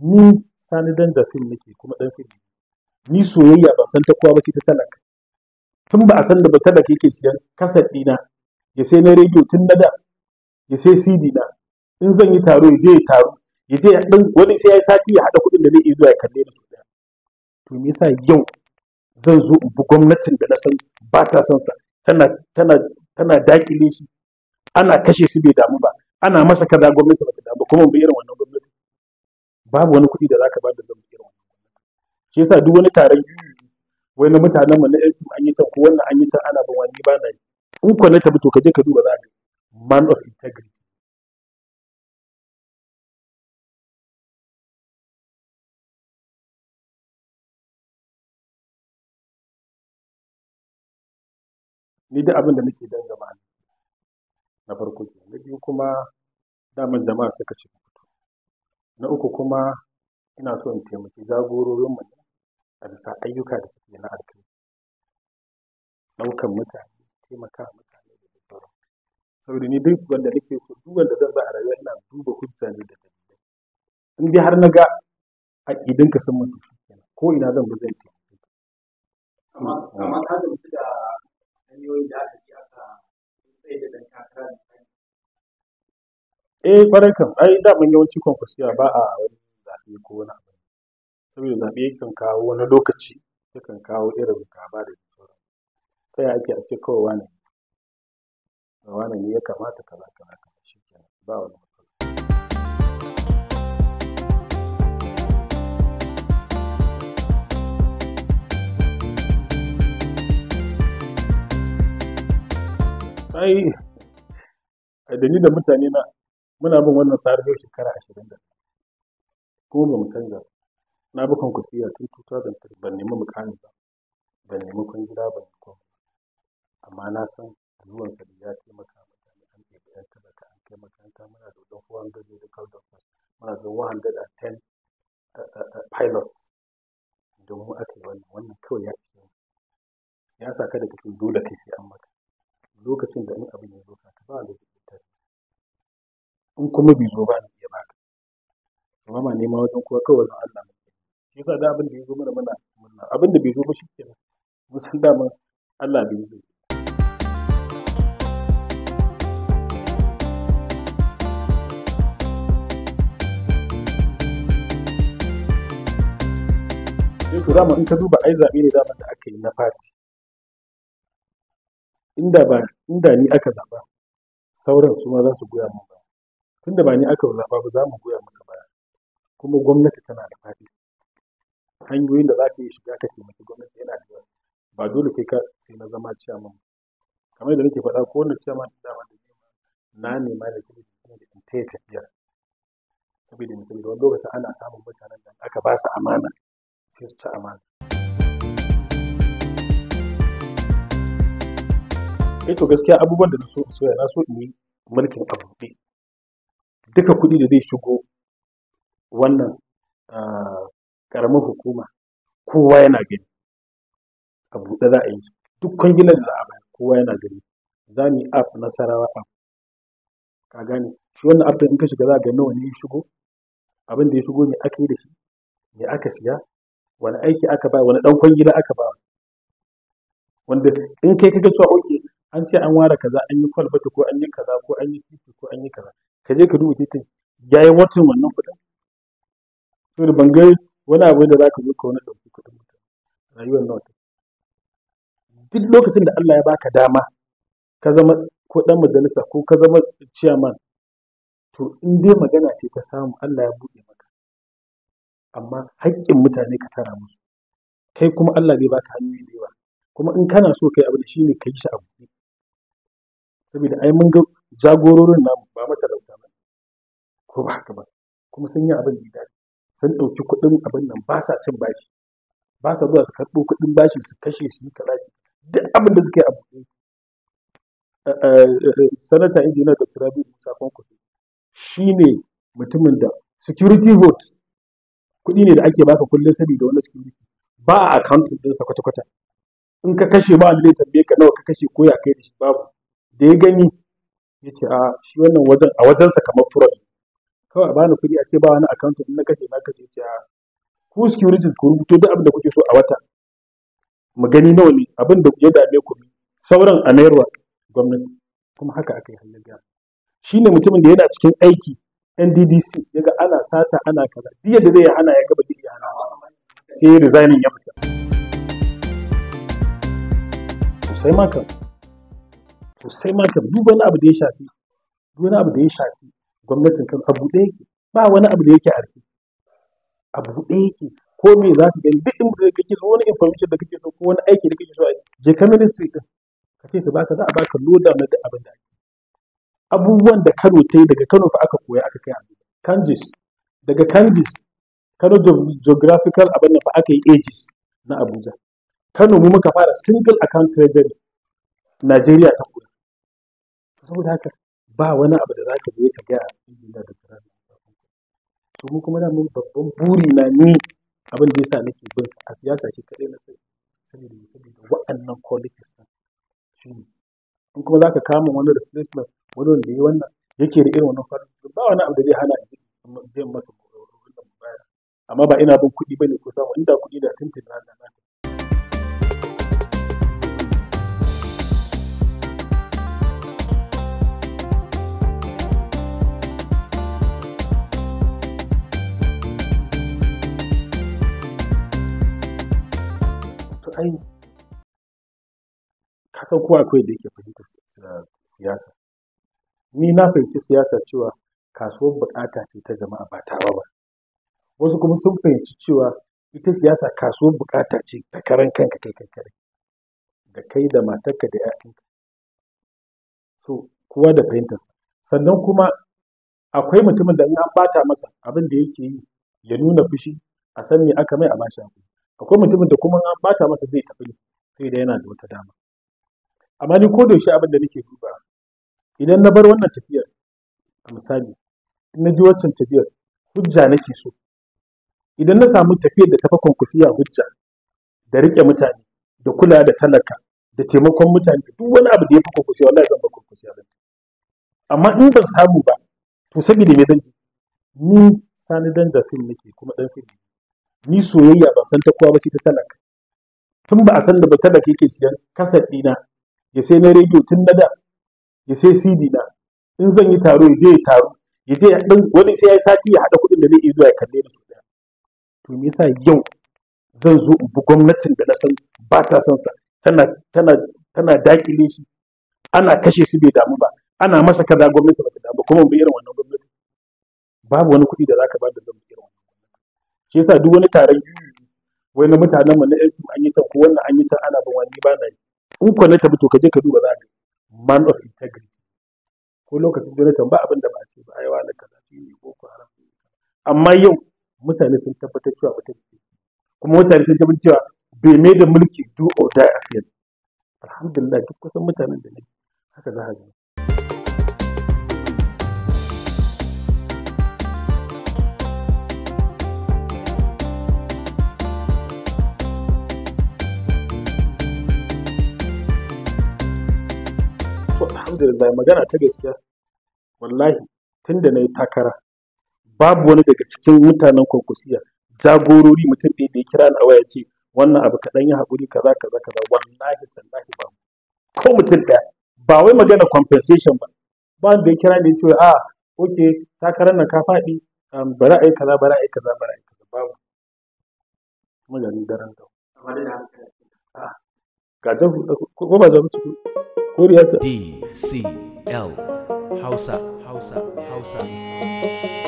ni sani dan da fim nake kuma dan fim ni soyayya ba san ta kowa ba sai ta talaka tun ba a san da ba talaka yake siyan kasar dina ya sai na rediyo tun na da ya sai cd na in zan yi taro ya je ya taro ya je wani sai ya yi sati ya hada kuɗin da zai iya zuwa ya kalle ni su to me yasa yau zan zo in bi gwamnatin da na san ba ta san sa tana tana tana dakile shi ana kashe su bai damu ba ana masa kaza gwamnati ba ta damu kuma bi irin babu wani kuɗi da za ka da zama irin wannan shi yasa duk wani taron yuyu wai na mutanen mu na yanki an yi can ko wannan an yi can ana ban wani ba na yi in ko na tafi to ka je ka duba za ka man of integrity ni da abin da nake dan jama'a na farko ke na biyu kuma daman jama'a suka ci na uku kuma ina so in taimaki jagororinmu ne a bisa ayyuka da suke na alkai ɗaukan mutane taimaka mutane da sauran saboda ni duk wanda nake so duk wanda zan ba a rayuwa ina duba hujja ne da dalilai in dai har na ga aƙidinka sun mutu ko ina zan bi zan taimaki amma amma ka da hanyoyin da aka ji aka sai da dan takara Eh ƙwarai kam, ai daman yawanci kwankwasiya ba a wani zaɓe ko wani abu. Saboda zaɓe yakan kawo wani lokaci, yakan kawo irin gaba da sauran. Tsaya ake a ce kawai ne, da ne ya kamata kaza kaza kaza shikenan ba wani matsala. Ai, da ni da mutane na muna bin wannan tsarin yau shekara ashirin da kuma ba mu canza na bi kwankwasiya tun 2003 ban nemi mukami ba ban nemi kun gida, ban nemi kwangila amma na san zuwan sa ya taimaka mutane an ɗebi yan talaka an kai makaranta muna da wajen zai 400 da doctors muna da da 110 uh, uh, uh, pilots don mu aka yi wannan wannan kawai ya fi ya sa kada ka dole kai sai an maka lokacin da in abin ya zo ka ba da in kuma bai zo ba ni baka amma ne nema wajen kowa kawai na Allah ne shi yasa da abin da ya zo mana mana abin da bai zo ba shi ke mun san dama Allah bai zo sai zama in ka duba ai zaɓe ne zaman da aka yi na fati inda ba inda ni aka zaɓa sauran su ma za su goya mun ba tunda ba ni aka zaɓa ba za mu goya masa baya kuma gwamnati tana da fadi hanyoyin da za ka yi shiga ka taimaki gwamnati yana da yawa ba dole sai ka sai na zama ciyaman kamar da nake faɗa ko wanda ciyaman da dama da na nema da saboda ne da in taya tafiyar saboda misali da wani lokacin ana samun mutanen da aka ba su amana sai su ci amana Ito eh gaskiya abubuwan da na so in soya na so in yi mulkin abu ne duka kuɗi da zai shigo wannan ah, ƙaramin hukuma kowa yana gani a buɗe za a yi su duk kwangilar da za a bayar kowa yana gani za mu yi app nasarawa app ka gane shi wannan app in ka shiga za a gani wani ya shigo abin da ya shigo mai aka yi da shi me aka siya wani aiki aka ba wani ɗan kwangila aka ba wanda in kai kaga cewa oke an ce an ware kaza an yi kwalbata ko an yi kaza ko an yi titi ko an yi kaza ka je ka duba titin ya yi watan wannan kuɗin saboda ban ga wani abu da za ka zo ka wani ɗauki kuɗin mutum rayuwar nawa ta duk lokacin da Allah ya baka dama ka zama ko ɗan majalisa ko ka zama chairman to in dai magana ce ta samu Allah ya buɗe maka amma haƙƙin mutane ka tara musu kai kuma Allah zai baka hanyoyi da yawa kuma in kana so kai abu da shine ka shi abu saboda ai mun ga jagororin namu ba rauta ko ba haka ba kuma sun yi abin da dace sun ɗauki kuɗin abin nan ba sa cin bashi ba sa zuwa su karɓo kuɗin bashi su kashe su yi duk abin da suka yi abu eh, eh, eh, sanata injiniya da turabi musa kwankwaso shi ne mutumin da security vote kuɗi ne da ake baka kullum saboda wani security ba a accounting ɗinsa kwata-kwata in ka kashe ba wanda zai tambaye ka nawa ka kashe ko ya kai da shi babu da ya gani ya ce a ah, shi wannan wajen a wajensa kamar fraud kawai a bani kuɗi a ce ba wani account na kashe na kashe ce a ku securities ku rubuto duk abin da kuke so a wata mu gani nawa ne abin da ya dame ku sauran a nairwa gwamnati kuma haka aka yi hanyar Shi ne mutumin da yana cikin aiki NDDC ya ga ana sata ana kaza duk yadda zai hana ya gaba zai iya hana sai resigning ya fita sosai maka sosai ma duk wani abu da ya shafi duk wani abu da ya shafi gwamnatin kan abu ɗaya yake ba wani abu da yake a rufe abu ɗaya yake ko me za ka gani duk da kake so wani information da kake so ko wani aiki da kake so je ka ministry din ka ce su baka za a baka loda na duk abin da ake abubuwan da Kano ta yi daga Kano fa aka koya aka kai abin kanjis daga kanjis Kano geographical abin da fa aka yi ages na Abuja Kano mu muka fara single account treasury Najeriya ta kula saboda haka ba wani abu da zaka je ka gaya ina da kaza to mu kuma da mun babban buri na ni abin da yasa nake bin a siyasa shi kadai na sai saboda saboda wa'annan qualities din shi ne in kuma zaka kama wani replacement wani wanda yayi wannan yake da irin wannan qualities ba wani abu da zai hana in je masa amma ba ina bin kuɗi bane ko samu inda kuɗi da tuntun na da ai ka san kowa akwai da yake fahimtar siyasa ni na fahimci siyasa cewa kasuwar bukata ce ta jama'a ba tawa ba wasu kuma sun fahimci cewa ita siyasa kasuwar bukata ce ta karan kanka kai kai da kai da matarka da ƴaƴanka so kowa da fahimtarsa sannan kuma akwai mutumin da in an bata masa abin da yake yi ya nuna fushi a san me aka mai a bashi abu akwai mutumin da kuma an bata masa zai tafi ne sai da yana da wata dama amma ni ko da yaushe abin da nake duba idan na bar wannan tafiyar a misali in na ji waccan tafiyar hujja nake so idan na samu tafiyar da tafi kwankwasiya hujja da riƙe mutane da kula da talaka da taimakon mutane da duk wani abu da ya fi kwankwasiya wallahi zan bar kwankwasiya zan amma in ban samu ba to saboda me zan ji ni sani dan da fim nake kuma dan fim ne ni soyayya ban san ta kowa ba sai ta talaka tun ba a san da ba talaka yake siyan kasar dina ya sai na rediyo tun na da ya sai cd na in zan yi taro ya je ya taro ya je wani sai ya yi sati ya haɗa kuɗin da zai zuwa ya kalle da su ɗaya to me yasa yau zan zo in bi gwamnatin da na san ba ta son sa tana tana tana dakile shi ana kashe su bai damu ba ana masa kaza gwamnati ba ta damu kuma bi irin wannan gwamnati babu wani kuɗi da zaka ba da zan irin wannan shi yasa duk wani taron yuyu wai na mutanen mu na yanzu an yi can ko wannan an yi can ana ban wani ba na yi in ko na tafi to ka je ka duba za ka man of integrity ko lokacin jonathan ba abin da ba ce ba ai wani kaza shi ne boko haram amma yau mutane sun tabbatar cewa ba ta kuma mutane sun tabbatar cewa bai mai da mulki do or die a fiye alhamdulillah duk kusan mutanen da nake haka za a gani alhamdulillah magana ta gaskiya wallahi tun da na yi takara babu wani daga cikin mutanen kwankwasiya jagorori mutum ɗaya da ya kira na waya ce wannan abu kaɗan ya haƙuri kaza kaza kaza wallahi tallahi ba ko mutum ɗaya ba wai magana compensation ba ba wanda ya kira ne cewa a ah, oke takarar nan ka faɗi um, bari a yi kaza bari a yi kaza bari a yi kaza babu kuma daren gaba ah, ga jahu ko ba jahu DCL Hausa, Hausa, Hausa.